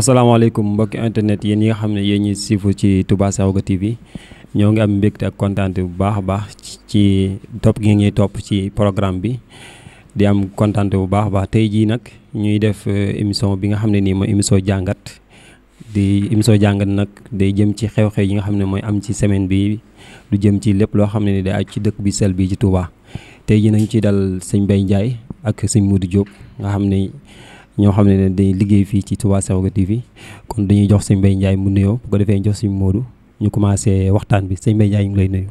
Assalamualaikum, mbokk internet yeen yi nga xamne yeen yi sifu ci Touba sawga TV ñoo ngi am top ak contente bu baax baax ci top gi top ci programme bi di am contente bu baax baax tay ji nak ñuy def euh, émission bi nga xamne ni mo émission jangat di émission jangat nak day jëm ci xew-xew yi nga xamne moy am ci semaine bi du jëm ci lepp lo xamne ni day aj ci dekk bi sel bi ci Touba tay ji nañ ci dal sëñ Mbaye Ndiaye ak sëñ Modou Diop nga xamne ñoo xam ne dañuy liggéey fii ci Touba Sekhawgui TV kon dañuy jox sëñ Mbaye Ndiaye mu nuyoo bu ko defee jox sëñ Modou ñu commencé waxtaan bi sëñ Mbaye Ndiaye ngi lay nuyu.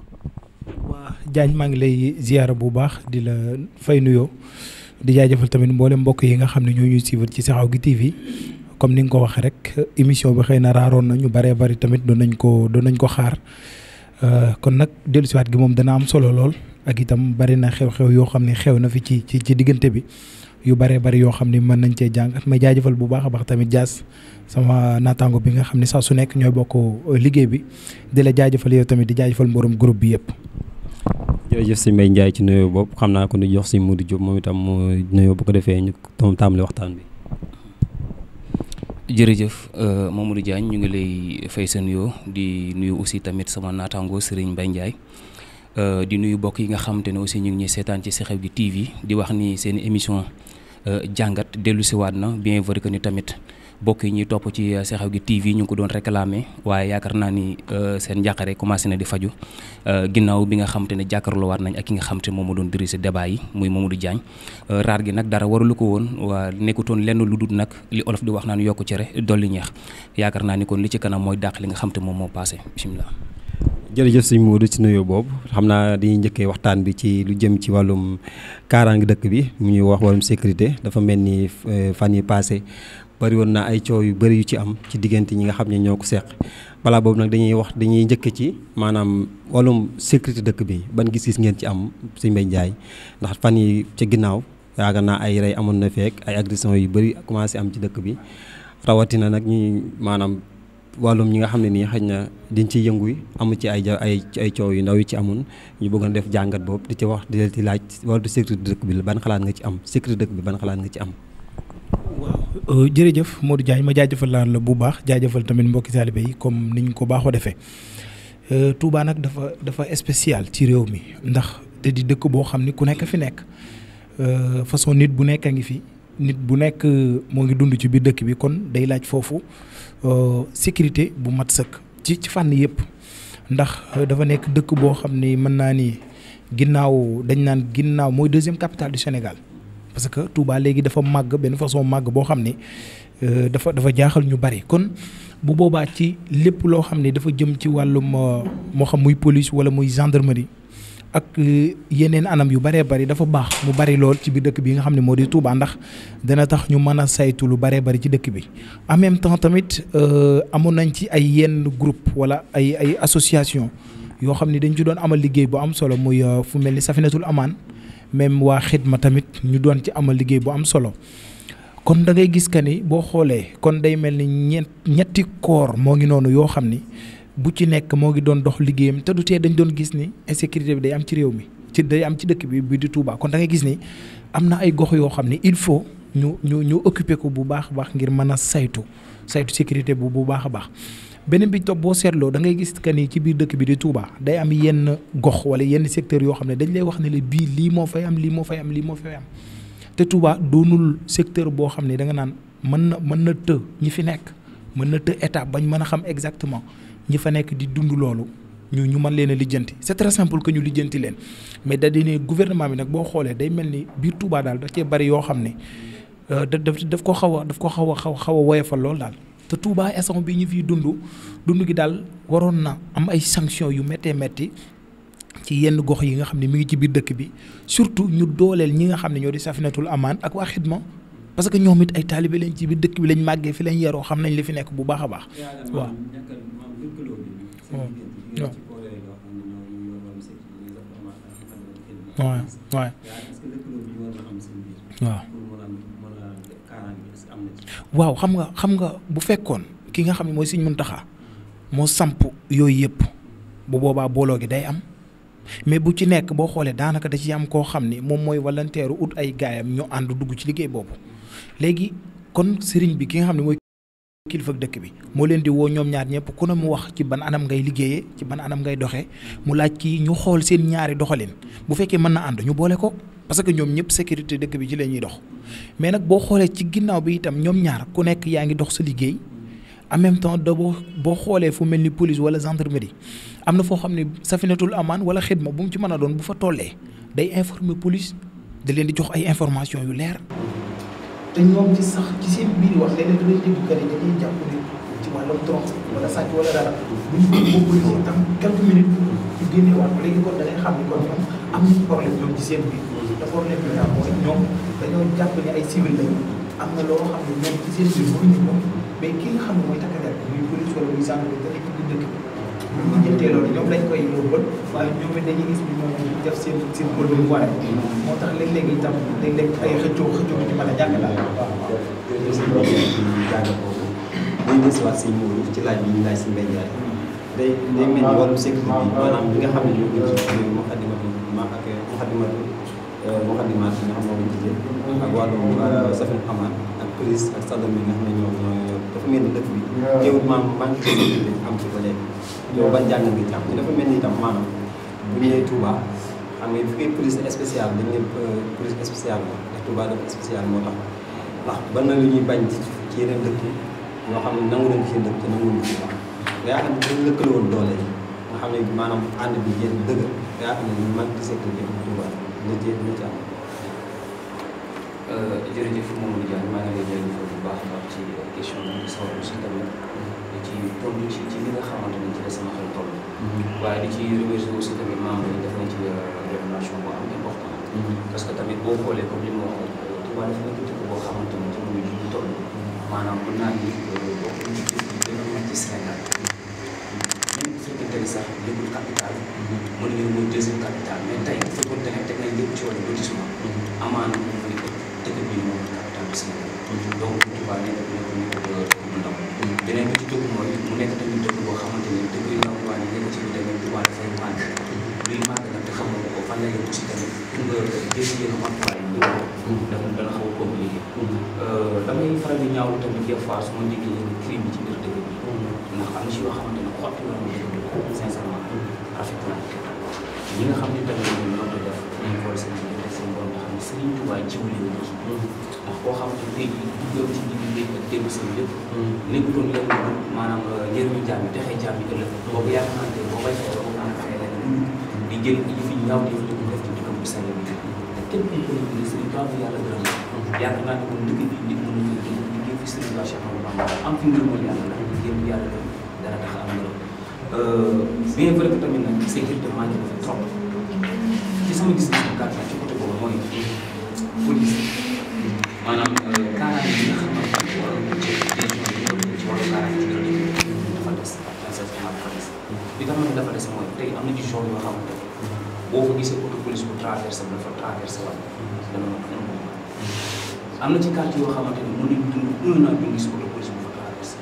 waa Diagne maa ngi lay ziyaara bu baax di la fay nuyoo di jaajëfal tamit mboole mbokk yi nga xam ne ñoo ñuy suivre ci Sekhawgui TV. comme ni nga ko waxee rek émission bi xëy na raaroon na ñu bëree bari tamit doon nañ ko doon ko xaar euh, kon nag dellusiwaat gi moom dana am solo lool ak itam bari na xew-xew yoo xam ne xew na fi ci ci ci diggante bi yu bëree bëri yoo xam ni mën nañ cee jàng may jaajëfal bu baax a baax tamit jaas sama naataango bi nga xam ne saa su nekk ñoo bokk euh, liggéey bi di la jaajëfal yow tamit di jaajëfal mborom groupe bi yëpp. jërëjëf ci nuyoo boobu xam naa ko nu jox si Modou Diop moom itam nuyoo bu ko defee ñu moom tàmbali waxtaan bi. jërëjëf euh, Mamadou Diagne ñu ngi lay fay sa nuyoo di nuyu aussi tamit sama naataango Serigne Mbaye Ndiaye euh, di nuyu bokk yi nga xamante ne aussi ñu ngi ñuy seetaan ci Xeweul TV di wax ni seen émission Euh, jàngat dellu siwaat na bien vrai que ni tamit bokk yi ñuy topp ci euh, Sa Xew gi TV ñu ngi ko doon réclamer waaye yaakaar naa ni euh, seen njàqare commencé na di faju ginnaaw bi nga xam te ne jàkkaarloowaat nañ ak ki nga xam te ne moom moo doon diriger débat yi muy Mamadou Diagne raar gi nag dara waralu ko woon waa nekkutoon lenn lu dut nag li olof di wax naan yokk cere dolli ñeex yaakaar naa ni kon li ci kanam mooy dàq li nga xam te moom moo passé bisimilah. jërëjëf sëñ Modou ci nuyoo boobu xam naa dañuy jëkkee waxtaan bi ci lu jëm ci wàllum kaaraange dëkk bi mu ñuy wax wàllum sécurité dafa mel ni euh, fan yi passé bari woon na ay coow yu bëri yu ci am ci diggante ñi nga xam ne ñoo ko seq balaa boobu nag dañuy wax dañuy njëkk ci maanaam wallum sécurité dëkk bi ban gis-gis ngeen ci am sëñ Mbaye ndax fan yi ca ginnaaw yaakaar naa ay rey amoon na fekk ay agression yu bëri commencé am ci dëkk bi rawatina nag wàllum ñi nga xam ne nii xëy na diñ ci yëngu amu ci ay ay ay coow yu ndaw yu ci amoon ñu bëggoon def jàngat boobu di ci wax di leen ci laaj wàllu sécurité dëkk bi la ban xalaat nga ci am sécurité dëkk bi ban xalaat nga ci am. waaw euh, jërëjëf Modou Diagne ma jaajëfal laan la bu baax jaajëfal tamit mbokki taalibe yi comme ñu ko baaxoo defee euh, tuubaa nag dafa dafa spécial ci réew mi ndax te di dëkk boo xam ni ku nekk fi nekk euh, façon nit bu nekk a ngi fi nit bu nekk moo ngi dund ci biir dëkk bi kon day laaj foofu. Euh, sécurité bu mat ci ci fànn yëpp ndax euh, dafa ni mën ni dañ deuxième capitale du Sénégal parce que Touba léegi dafa màgg benn façon màgg euh, dafa dafa ñu bari kon bu dafa jëm ci gendarmerie. ak euh, yeneen anam yu bëree bari dafa baax mu bari lool ci biir dëkk bi nga xam ne moo di Touba ndax dana tax ñu mën a saytu lu bëree bari ci dëkk bi en même temps tamit euh, amoon nañ ci ay yenn groupe wala ay ay association yoo xam ni dañ ci doon amal liggéey bu am solo muy euh, fu mel ni Safinatul Amaan même waa xidma tamit ñu doon ci amal liggéey bu am solo kon dangay gis que ni boo xoolee kon day mel ni ñetti koor moo ngi noonu yoo xam ni. bu ci nekk moo ngi doon dox liggéeyam te du tee dañ doon gis ni insécurité bi day am ci réew mi ci day am ci dëkk bi bi di Touba kon da ngay gis ni am na ay gox yoo xam ne il faut ñu ñu ñu occuper ko bu baax a baax ngir mën a saytu saytu sécurité bu bu baax a baax. beneen bi topp boo seetloo da ngay gis que ni ci biir dëkk bi di Touba day am yenn gox wala yenn secteur yoo xam ne dañ lay wax ne la bii lii moo fay am lii moo fay am lii moo fay am te Touba doonul secteur boo xam ne da nga naan mën na mën na të ñi fi nekk mën na të état bañ mën a xam exactement. ñi fa nekk di dund loolu ñu ñu mën leen a lijjanti c'est très simple que ñu lijjanti leen mais da di ne gouvernement bi nag boo xoolee day mel ni biir Touba daal da cee bari yoo xam ne euh, daf daf ko xaw a daf ko xaw a xaw xaw a woyofal loolu daal. te Touba instant bi ñu fiy dund dund gi daal waroon na am ay sanctions yu mettee metti ci yenn gox yi nga xam ne mu ngi ci biir dëkk bi surtout ñu dooleel ñi nga xam ne ñoo di safinatul amaan ak waa xidma parce que ñoom it ay taalibe lañ ci biir dëkk bi lañ màggee fi lañ yaroo xam nañ li fi nekk bu baax a baax waaw waaw waaw waaw xam nga xam nga bu fekkoon ki nga xam ne mooy mun taxa moo samp yooyu yëpp bu boobaa booloo gi day am mais bu ci nekk boo xoolee daanaka da ci am koo xam ne moom mooy walanteeru ut ay gaayam ñu ànd dugg ci liggéey boobu léegi kon sëriñ bi ki nga xam ne mooy kilifa dëkk bi moo leen di woo ñoom ñaar ñëpp ku ne mu wax ci ban anam ngay liggéeyee ci ban anam ngay doxee mu laaj kii ñu xool seen ñaari doxalin bu fekkee mën na ànd ñu boole ko parce que ñoom ñëpp sécurité dëkk bi ci la ñuy dox mais nag boo xoolee ci ginnaaw bi itam ñoom ñaar ku nekk yaa ngi dox sa liggéey en même temps da boo boo xoolee fu mel ni police wala gendarmerie am na foo xam ne safinatul amaan wala xidma bu mu ci mën a doon bu fa tollee day informer police da leen di jox ay information yu leer te ñoom ci sax ci seen biir wax léeg-léeg dañuy dégg gën a dañuy jàpp ne ci wàllum tronc wala sàcc wala dara buñ ko bokkul tam quelques minutes ñu génne waat ko léegi kon da ngay xam ne ko ñoom am nañu problème ñoom ci seen biir. te problème bi dañoo jàpp ay civil lañu am na loo xam ne ñoom ci seen biir mënuñu ko mais ki nga xam ne mooy takk der muy police wala muy gendarmerie dëkk ñu jëndee loolu ñoom dañ koy yóbbu waaye ñoom it dañuy gis ñoom ñu def seen seen mboolu bu waay moo tax léeg-léeg itam léeg-léeg ay xëccoo xëccoo ci mën a jàng daal. waaw waaw jërëjëf si loolu la si ci laaj bi ñu laaj si mbéy day day mel ni wàllu sécurité bi maanaam li nga xam ne ñoo ngi ci Moukhaddamatoul Khidma ak Moukhaddamatoul Moukhaddamaat yi nga xam moom lañ ak wàllum Safin Amaan ak police ak sàllam yi nga xam ne ñoo ñoo dafa mel ni dëkk bi teewul maam maa ngi am ci ko léegi yow ba jàng nga jàng dafa mel ni itam maanaam bu ñëwee Touba xam nga bu fekkee police spéciale dañ ne euh, police spéciale la ndax Touba dafa spéciale moo tax ndax ban na lu ñuy bañ ci dëkk ñoo xam ne nangu nañ seen dëkk te nangu nañ ci wax nga yaakaar nga xam ne maanaam ànd bi yéen dëgg nga yaakaar ne ñu euh, maa ngi lay jël baax a baax ci question bi di sawar aussi tamit ci tontu ci ci li nga xam la sama xel toll. Mhm. waaye di ci remercier aussi tamit membre yi def nañ ci euh, révélation bu am important. Mhm. parce que tamit boo xoolee comme li ma waxoon euh, Touba dafa nekk dëkk boo xamante ni jamono ji ñu toll mhm. maanaam mën naa ni euh, bokk nañ ci gën a mag ci Sénégal. même bu fekkente ni sax nekkul capital. mën ngeen mooy deuxième capital mais tey bu fekkoon ne teg nañ lépp ci wàllu lotissement. amaana moom mooy dëkk bi moom capital bu Sénégal. donc Touba nekk nekk nekk ndaw. beneen bi ci dëkk mooy mu nekk tamit dëkk boo xamante ni dëkk yu ndaw Touba nekk ci lu demee Touba dafay manqué luy manqué nag te xamoo ko fan la yëg aussi tamit pour nga gis yéen matuwaay yi dafa dana xaw a compliqué euh, damay faral di ñaaw tamit des fois su ma déggee leen crime yi ci biir dëkk bi ndax am ci yoo xamante ni xotti na mu dëkk sincèrement rafet na ñi nga xam ne tamit ñoom ñoo ko def dañ xool seen seen borom nga xam ne Serigne Touba jiw leen ndax koo xamante ni tey duggal ci démb ak démb sama lépp mm. nekkutoon lépp maanaam euh, njëriñu jaam yi texee jaam yi ëllëg boobu yaakaar naa a fay leneen di jël yi fi ñaaw di ko def te kenn ko ne Serigne Touba yàlla gërëm yaakaar na fi liggéey fi Serigne Touba Cheikh Amadou Bamba am fi ngërëmal yàlla la ngërëm yàlla la dana euh, mm. mm. maanaam euh, zone yoo xamante boo fa gisee auto police bu traversé bi dafa traversé wàll am na ci quartier yoo xamante ne mën nañu dund naa duñu gis auto police fa traversé.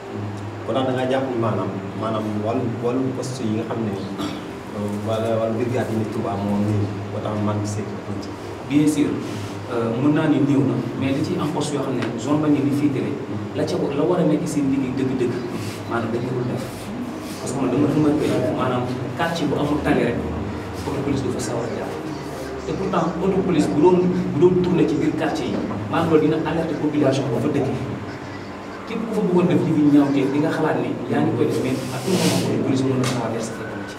kon daal da jàpp ni maanaam maanaam wàllu wàllu poste yi nga xam ne wala wàllu brigade yi ne Touba moo néew ba tax man gisee ci. bien sûr euh, mën naa ni néew na mais da ciy am poste yoo xam ne zone ba ñu ni féetale la ca la war a nekk seen liggéey dëgg-dëgg maanaam dañu ko def. parce que man dama remarqué maanaam quartier bu amul tali rek oto police du fa sawar a jaar te pourtant oto police bu doon bu doon tourné ci biir quartier yi maanaam loolu dina alerté population ba fa dëkk képp ku fa bëggoon def li fi ñaaw te di nga xalaat ni yaa ngi koy def mais à tout moment oto police mën na traversé fekk na ci.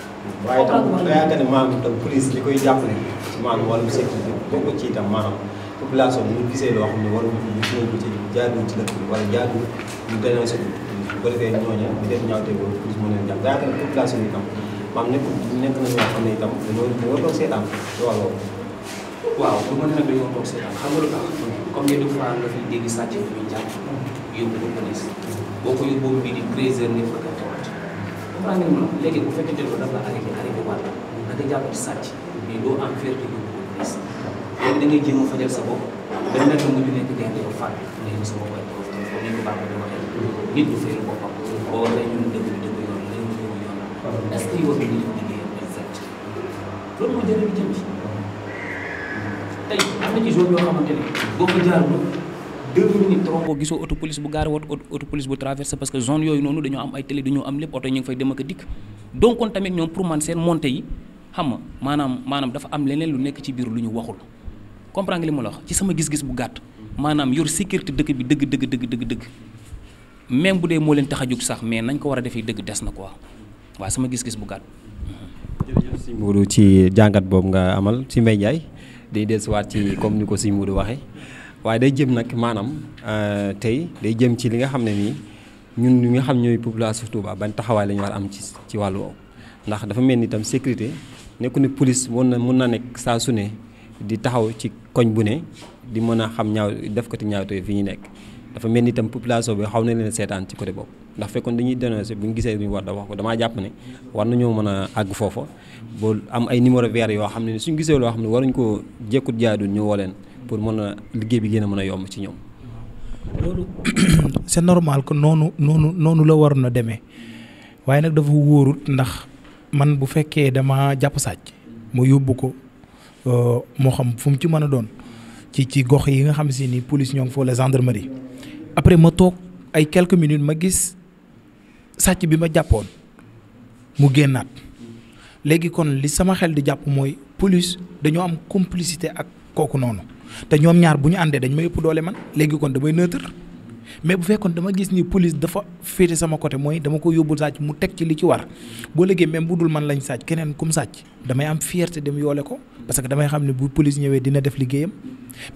waaye tam nga yaakaar ne maanaam tam police li koy jàppale ci maanaam wàllum sécurité bokk ci itam maanaam population bi ñu gisee loo xam ne waruñu ñu ci jaaduwul ci dëkk bi wala jaaduwul ñu dénoncé ko bu ko defee ñooña di def ñaawte boobu plus mën leen jàpp daanaka population yi tam maam nekk nekk na ñoo xam ne itam dañoo dañoo boobu waaw bu ma nee nag dañoo toog seetaan xam nga lu tax comme yéen fois nga fi dégg sàcc bi ñu jàpp yóbbu ko police boo ko yóbbu bii di treize koy tawat bu fekkee jël ko a fajal sa bopp dañ nekk mujj nekk dee ko fàtte nga sa bopp ay prof nit du fayal boppam bu gaar wat que zone yooyu noonu dañoo am ay télé dañoo fay dem ak a dikk donc kon tamit ñoom pour man seen montée yi xam nga maanaam maanaam dafa am leneen lu nekk ci biir lu ñu waxul comprendre nga li ma la ci sama gis-gis bu gàtt maanaam yor sécurité dëkk bi dëgg dëgg dëgg dëgg dëgg même bu dee moo leen taxajug sax mais nañ ko war a defee dëgg des na quoi waaw sama gis-gis bu gàtt. jërëjëf si ci jàngat boobu nga amal ci Mbaye Ndiaye day dellusiwaat ci comme ni ko si Modou waxee waaye day jëm nag maanaam euh, tey day jëm ci li nga xam ne nii ñun ñu nga xam ñooy population Touba ban taxawaay la war a am ci ci wàllu woowu ndax dafa mel ni itam sécurité nekku ne police mën na mën na nekk saa su ne di taxaw ci koñ bu ne di mën a xam ñaaw def ko ci ñaawte fi ñu nekk. dafa mel ni itam population bi xaw na leen seetaan ci côté boobu ndax fekkoon dañuy dénoncé bu ñu gisee ni ñu war da wax ko damaa jàpp ne war nañoo mën a àgg foofa ba am ay numéro vert yoo xam ne suñ gisee loo xam ne waruñ ko jekkut jaadul ñu leen pour mën a liggéey bi gën a mën a yomb ci ñoom. loolu c'est normal que noonu noonu noonu la waroon a demee waaye nag dafa wóorut ndax man bu fekkee dama jàpp sàcc ma yóbbu ko euh, moo xam fu mu ci mën a doon ci ci gox yi nga xam si ni police ñoo ngi foofu la gendarmerie. après ma toog ay quelque minutes ma gis sàcc bi ma jàppoon mu génnaat léegi kon li sama xel di jàpp mooy police dañoo am complicité ak kooku noonu te ñoom ñaar bu ñu àndee dañ ma yëpp doole man léegi kon damay neutre mais bu fekkoon dama gis ni police dafa féete sama côté mooy dama ko yóbbul sàcc mu teg ci li ci war boo léegi même bu dul man lañ sàcc keneen kum sàcc damay am fierté dem yoole ko parce que damay xam ne bu police ñëwee dina def liggéeyam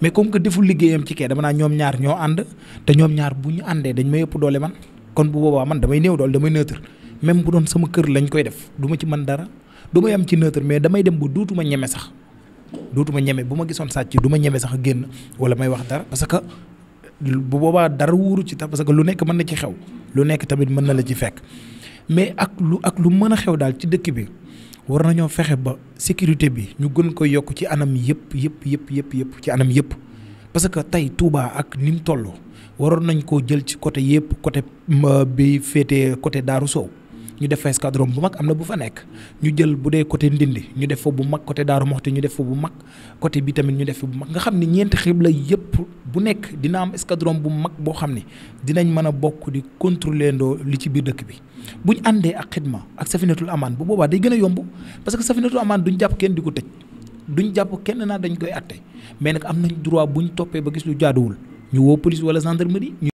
mais comme que deful liggéeyam ci kee dama naa ñoom ñaar ñoo ànd te ñoom ñaar bu ñu àndee dañ may ëpp doole man kon bu boobaa man damay néew doole damay neutre même bu doon sama kër lañ koy def du ci mën dara du may am ci neutre mais damay dem ba dootuma ñeme sax dootuma ñeme bu ma gisoon sàcc du ma ñeme sax génn wala may wax dara que bu boobaa dara wuuru ci parce que lu nekk mën na ci xew lu nekk tamit mën na la ci fekk mais ak lu ak lu mën a xew daal ci dëkk bi war nañoo fexe ba sécurité bi ñu gën ko yokk ci anam yëpp yëpp yëpp yëpp yëpp ci anam yëpp parce que tey Touba ak ni mu toll waroon nañ koo jël ci côté yëpp côté euh, bi féete côté Daaru Sow ñu def fa escadron bu mag am na bu fa nekk ñu jël bu dee côté Ndindi ñu def fa bu mag côté Daaru Moxti ñu def fa bu mag côté bi tamit ñu def fa bu mag nga xam ne ñeenti xibla yëpp bu nekk dina am escadron bu mag boo xam ne dinañ mën a bokk di contrôler ndoo li ci biir dëkk bi buñ àndee ak xidma ak safinatul amaan bu boobaa day gën a yomb parce que safinatul amaan duñ jàpp kenn di ko tëj duñ jàpp kenn naa dañ koy atte mais nag am nañ droit buñ toppee ba gis lu jaaduwul